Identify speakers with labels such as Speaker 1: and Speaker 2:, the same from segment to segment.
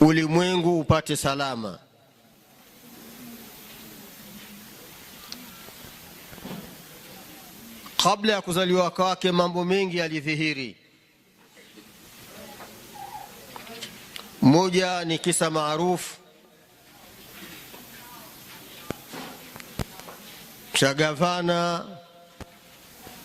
Speaker 1: ulimwengu upate salama. Kabla ya kuzaliwa kwake mambo mengi yalidhihiri. Moja ni kisa maarufu cha gavana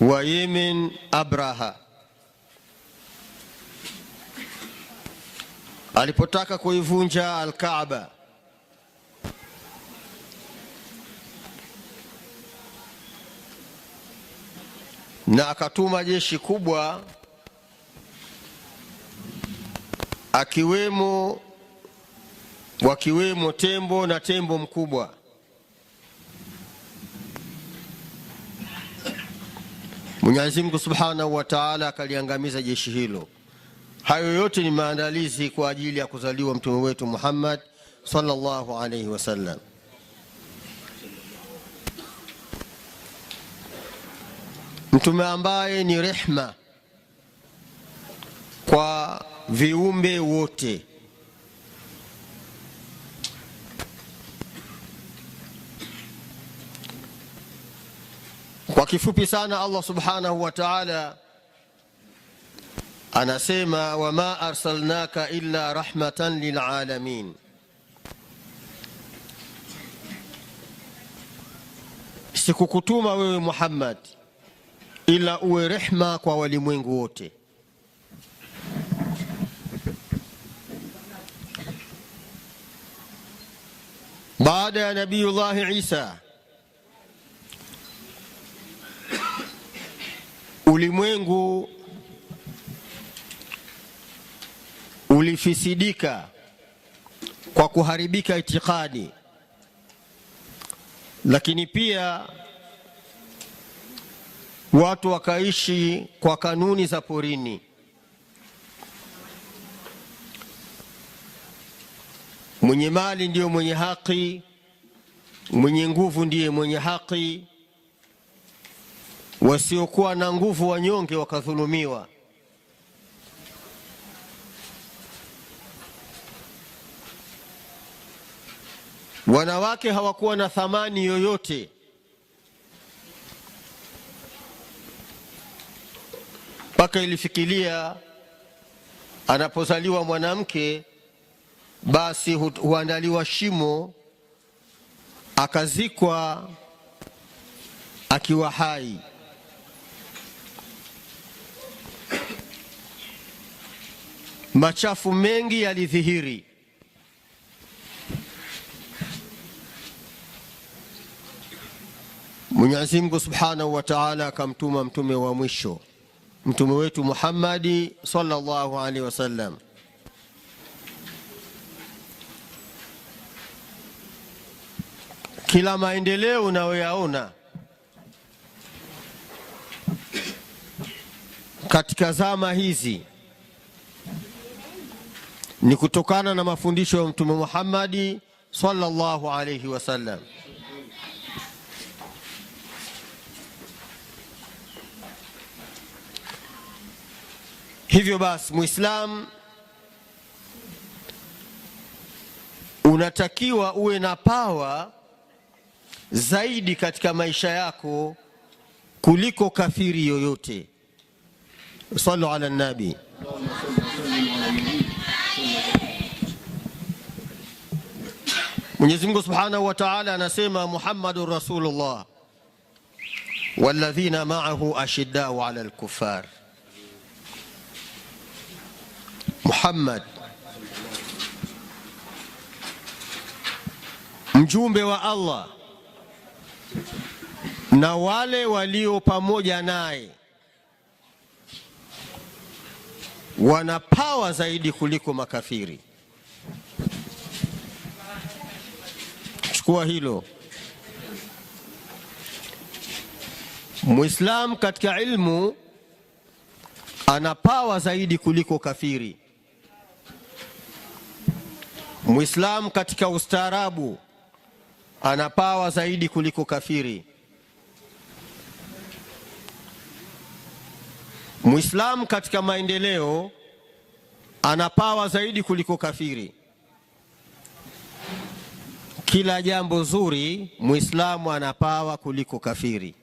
Speaker 1: wa Yemen Abraha alipotaka kuivunja Alkaaba. na akatuma jeshi kubwa akiwemo wakiwemo tembo na tembo mkubwa. Mwenyezi Mungu Subhanahu wa Ta'ala akaliangamiza jeshi hilo. Hayo yote ni maandalizi kwa ajili ya kuzaliwa mtume wetu Muhammad sallallahu alayhi wasallam. Mtume ambaye ni rehma kwa viumbe wote. Kwa kifupi sana, Allah subhanahu wa ta'ala anasema wama arsalnaka illa rahmatan lilalamin. Sikukutuma wewe Muhammad ila uwe rehma kwa walimwengu wote. Baada ya Nabiyullahi Isa ulimwengu ilifisidika kwa kuharibika itikadi, lakini pia watu wakaishi kwa kanuni za porini. Mwenye mali ndiyo mwenye haki, mwenye nguvu ndiye mwenye haki, wasiokuwa na nguvu wanyonge wakadhulumiwa. Wanawake hawakuwa na thamani yoyote. Mpaka ilifikilia anapozaliwa mwanamke basi huandaliwa shimo akazikwa akiwa hai. Machafu mengi yalidhihiri. Mwenyezi Mungu Subhanahu wa Ta'ala akamtuma mtume wa mwisho mtume wetu Muhammadi sallallahu alaihi wasallam kila maendeleo unayoyaona katika zama hizi ni kutokana na mafundisho ya Mtume Muhammadi sallallahu alaihi wasallam. Hivyo basi Muislamu unatakiwa uwe na pawa zaidi katika maisha yako kuliko kafiri yoyote. Sallu ala nabi. Mwenyezi Mungu subhanahu wa taala anasema Muhammadun rasulullah walladhina maahu ashiddau ala lkufar Muhammad mjumbe wa Allah na wale walio pamoja naye wana pawa zaidi kuliko makafiri. Chukua hilo. Muislam katika ilmu ana pawa zaidi kuliko kafiri. Muislamu katika ustaarabu anapawa zaidi kuliko kafiri. Muislamu katika maendeleo anapawa zaidi kuliko kafiri. Kila jambo zuri Muislamu anapawa kuliko kafiri.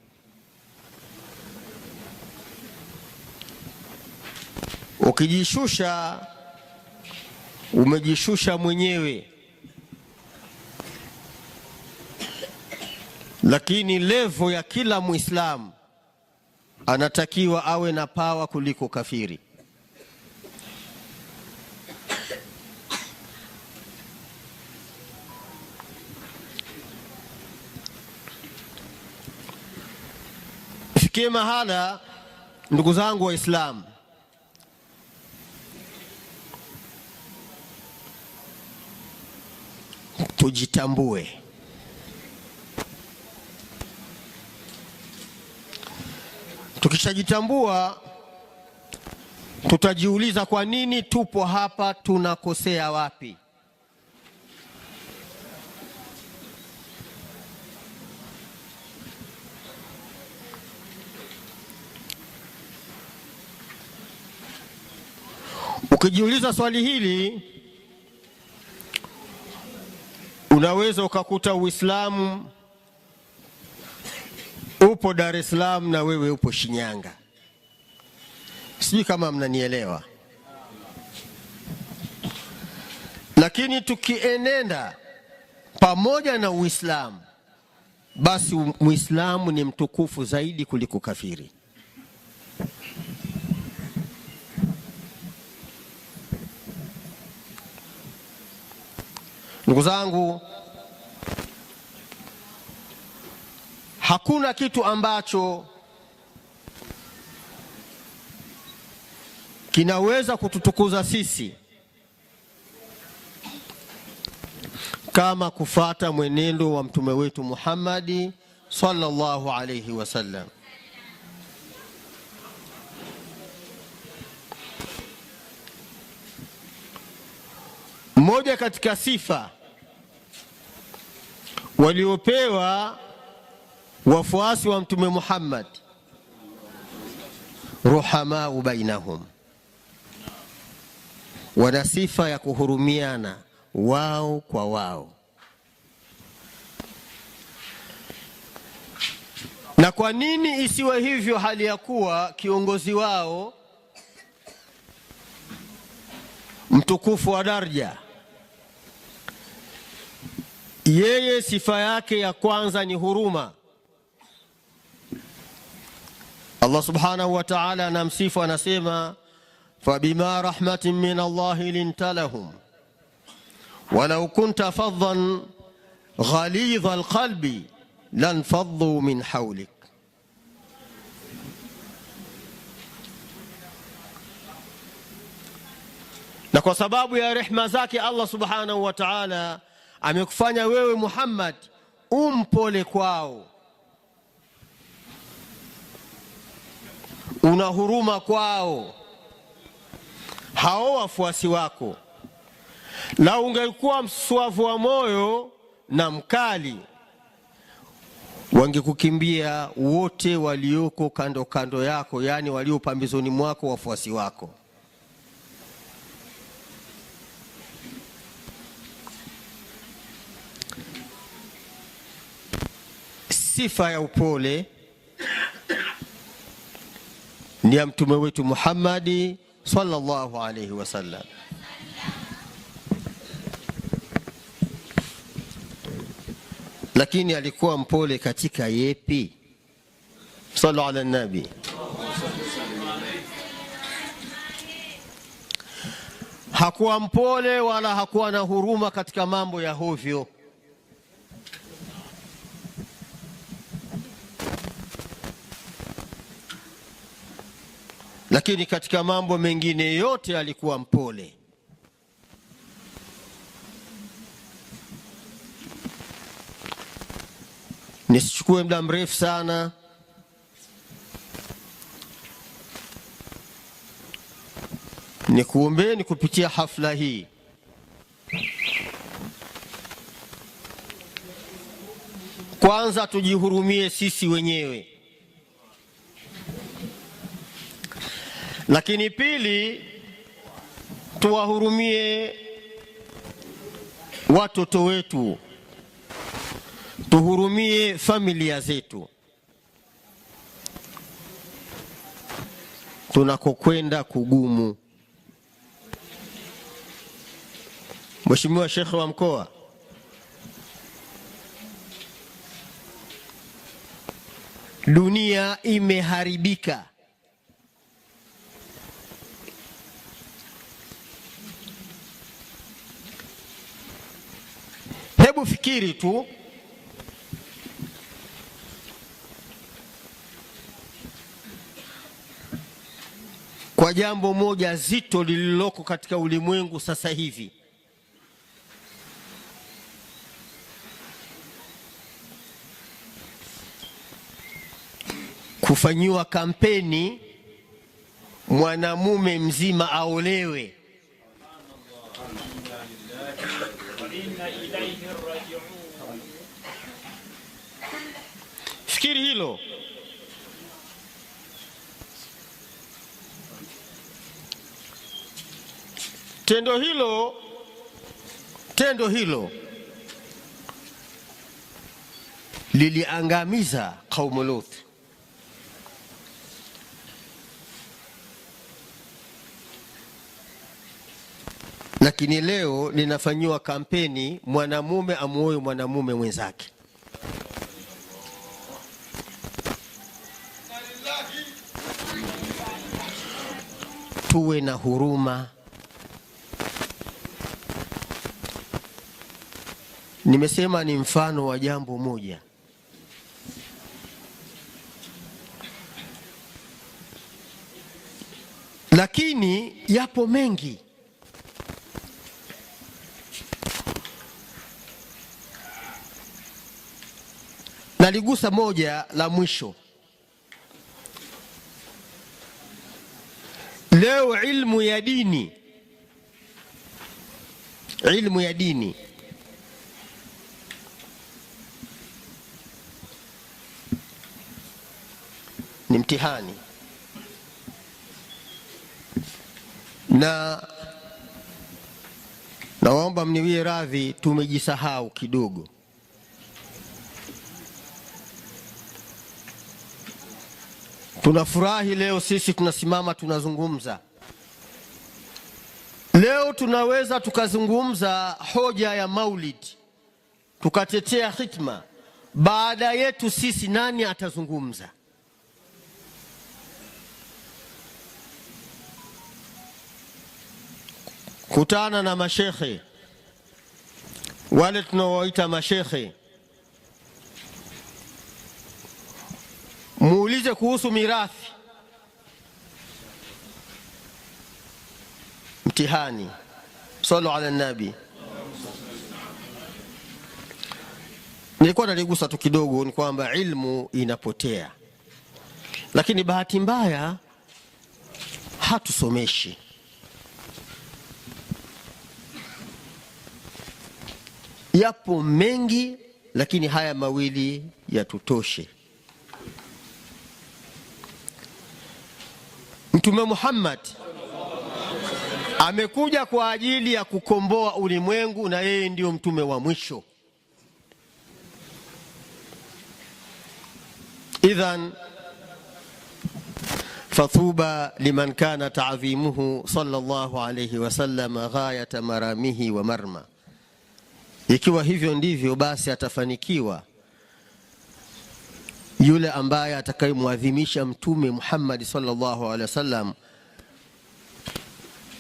Speaker 1: Ukijishusha umejishusha mwenyewe, lakini levo ya kila Muislamu anatakiwa awe na pawa kuliko kafiri. Fikie mahala, ndugu zangu Waislamu, tujitambue. Tukishajitambua tutajiuliza, kwa nini tupo hapa? Tunakosea wapi? Ukijiuliza swali hili Unaweza ukakuta Uislamu upo Dar es Salaam na wewe upo Shinyanga. Sijui kama mnanielewa, lakini tukienenda pamoja na Uislamu, basi Muislamu ni mtukufu zaidi kuliko kafiri. Ndugu zangu Hakuna kitu ambacho kinaweza kututukuza sisi kama kufata mwenendo wa mtume wetu Muhammadi sallallahu alayhi wasallam. Mmoja katika sifa waliopewa wafuasi wa Mtume Muhammad, ruhamau bainahum, wana sifa ya kuhurumiana wao kwa wao. Na kwa nini isiwe hivyo hali ya kuwa kiongozi wao mtukufu wa daraja yeye sifa yake ya kwanza ni huruma Allah subhanahu wa ta'ala anamsifu anasema, fabima rahmatin min Allahi linta lahum walau kunta faddan ghalidha alqalbi lanfaddu min hawlik. Na kwa sababu ya rehma zake Allah subhanahu wa ta'ala amekufanya wewe Muhammad umpole kwao una huruma kwao hao wafuasi wako, na ungekuwa mswavu wa moyo na mkali, wangekukimbia wote walioko kando kando yako, yaani walio pambizoni mwako, wafuasi wako. Sifa ya upole ni ya mtume wetu Muhammadi sallallahu alaihi wasallam. Lakini alikuwa mpole katika yepi? Sallu ala nabi. Hakuwa mpole wala hakuwa na huruma katika mambo ya hovyo. lakini katika mambo mengine yote alikuwa mpole. Nisichukue muda mrefu sana. Nikuombeni kupitia hafla hii kwanza tujihurumie sisi wenyewe. Lakini pili, tuwahurumie watoto wetu, tuhurumie familia zetu. Tunakokwenda kugumu. Mheshimiwa Shekhe wa Mkoa, dunia imeharibika. Hebu fikiri tu kwa jambo moja zito lililoko katika ulimwengu sasa hivi. Kufanyiwa kampeni mwanamume mzima aolewe. Fikiri hilo tendo hilo tendo hilo liliangamiza kaumu Luthi. lakini leo linafanyiwa kampeni, mwanamume amuoe mwanamume mwenzake. Tuwe na huruma. Nimesema ni mfano wa jambo moja. Lakini yapo mengi. Naligusa moja la mwisho leo, ilmu ya dini. Ilmu ya dini ni mtihani na naomba mniwie radhi, tumejisahau kidogo. Tunafurahi leo sisi tunasimama tunazungumza. Leo tunaweza tukazungumza hoja ya Maulid, tukatetea hitma. Baada yetu sisi nani atazungumza? Kutana na mashekhe wale tunaoita mashekhe muulize kuhusu mirathi. Mtihani, sallu ala nabi. Nilikuwa naligusa tu kidogo, ni kwamba ilmu inapotea, lakini bahati mbaya hatusomeshi. Yapo mengi, lakini haya mawili yatutoshe. Mtume Muhammad amekuja kwa ajili ya kukomboa ulimwengu na yeye ndiyo mtume wa mwisho. Idhan fathuba liman kana ta'zimuhu sallallahu alayhi sallam ghayata maramihi wa marma, ikiwa hivyo ndivyo basi atafanikiwa yule ambaye atakayemwadhimisha Mtume Muhammad sallallahu alaihi wasallam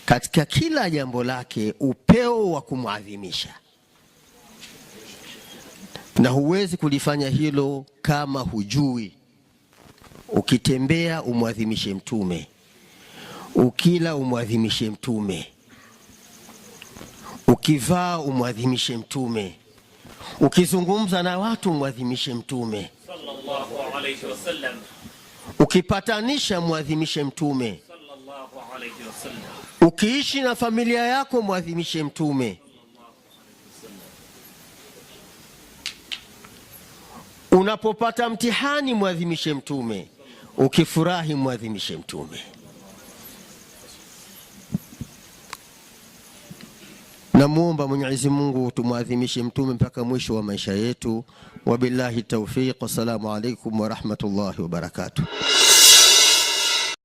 Speaker 1: katika kila jambo lake, upeo wa kumwadhimisha, na huwezi kulifanya hilo kama hujui. Ukitembea umwadhimishe Mtume, ukila umwadhimishe Mtume, ukivaa umwadhimishe Mtume, ukizungumza na watu umwadhimishe Mtume alayhi wasallam, ukipatanisha mwadhimishe mtume. Sallallahu alayhi wasallam, ukiishi na familia yako mwadhimishe mtume. Unapopata mtihani mwadhimishe mtume, ukifurahi mwadhimishe mtume. Tunamwomba Mwenyezi Mungu tumwadhimishe mtume mpaka mwisho wa maisha yetu. Wabillahi taufiq, wassalamu alaikum warahmatullahi wabarakatuh.